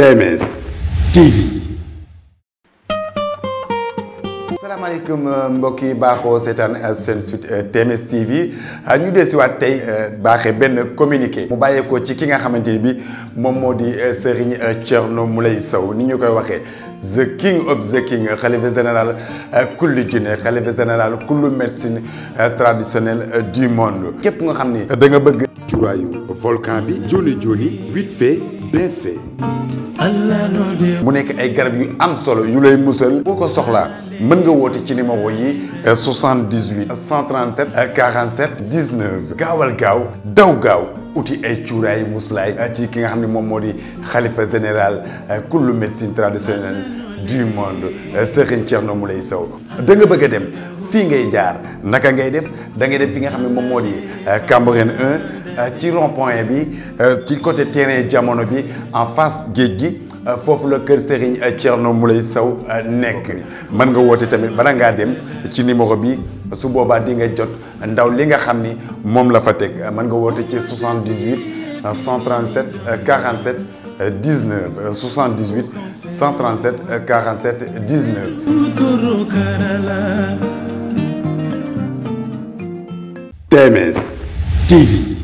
TMS TV. salaamaaleykum euh, mbokk yi baaxoo seetaan euh, seen suite euh, TMS TV ñu dee si waat tey baaxe benn communiqué mu bàyyeekoo ci ki nga xamante ni bi moom moo di Serigne Thierno lay Sow ni ñu koy waxee. the king of the king xalifa général euh, kulli junne xalifa général kullu médecine euh, traditionnelle euh, du monde képp nga xam ni da nga bëgg curaayu volcan bi joni joni vite fait bien fait mu nekk ay garab yu am solo yu lay musal boo ko soxlaa mën nga wooti ci numéro yi 78 137 47 19 gaawal gaaw daw gaaw uti ay cuuraay muslaay eh, ci ki nga xam ne moom moo di xalifa général eh, kullu médecine traditionnelle du monde eh, Serigne Thierno Moulay Sow da nga bëgg a dem fii ngay jaar naka ngay def da ngay dem fi nga xam ne moom moo di Cambérène 1 ci rond-point bi ci côté terrain jamono bi en face géej gi foofu la kër Serigne Thierno Moulay Sow euh, nekk mën nga woote tamit bala ngaa dem ci numéro bi su boobaa di nga jot ndaw li nga xam ni moom la fa teg mën nga woote ci 78 137 47 19 78 137 47 19. TMS TV.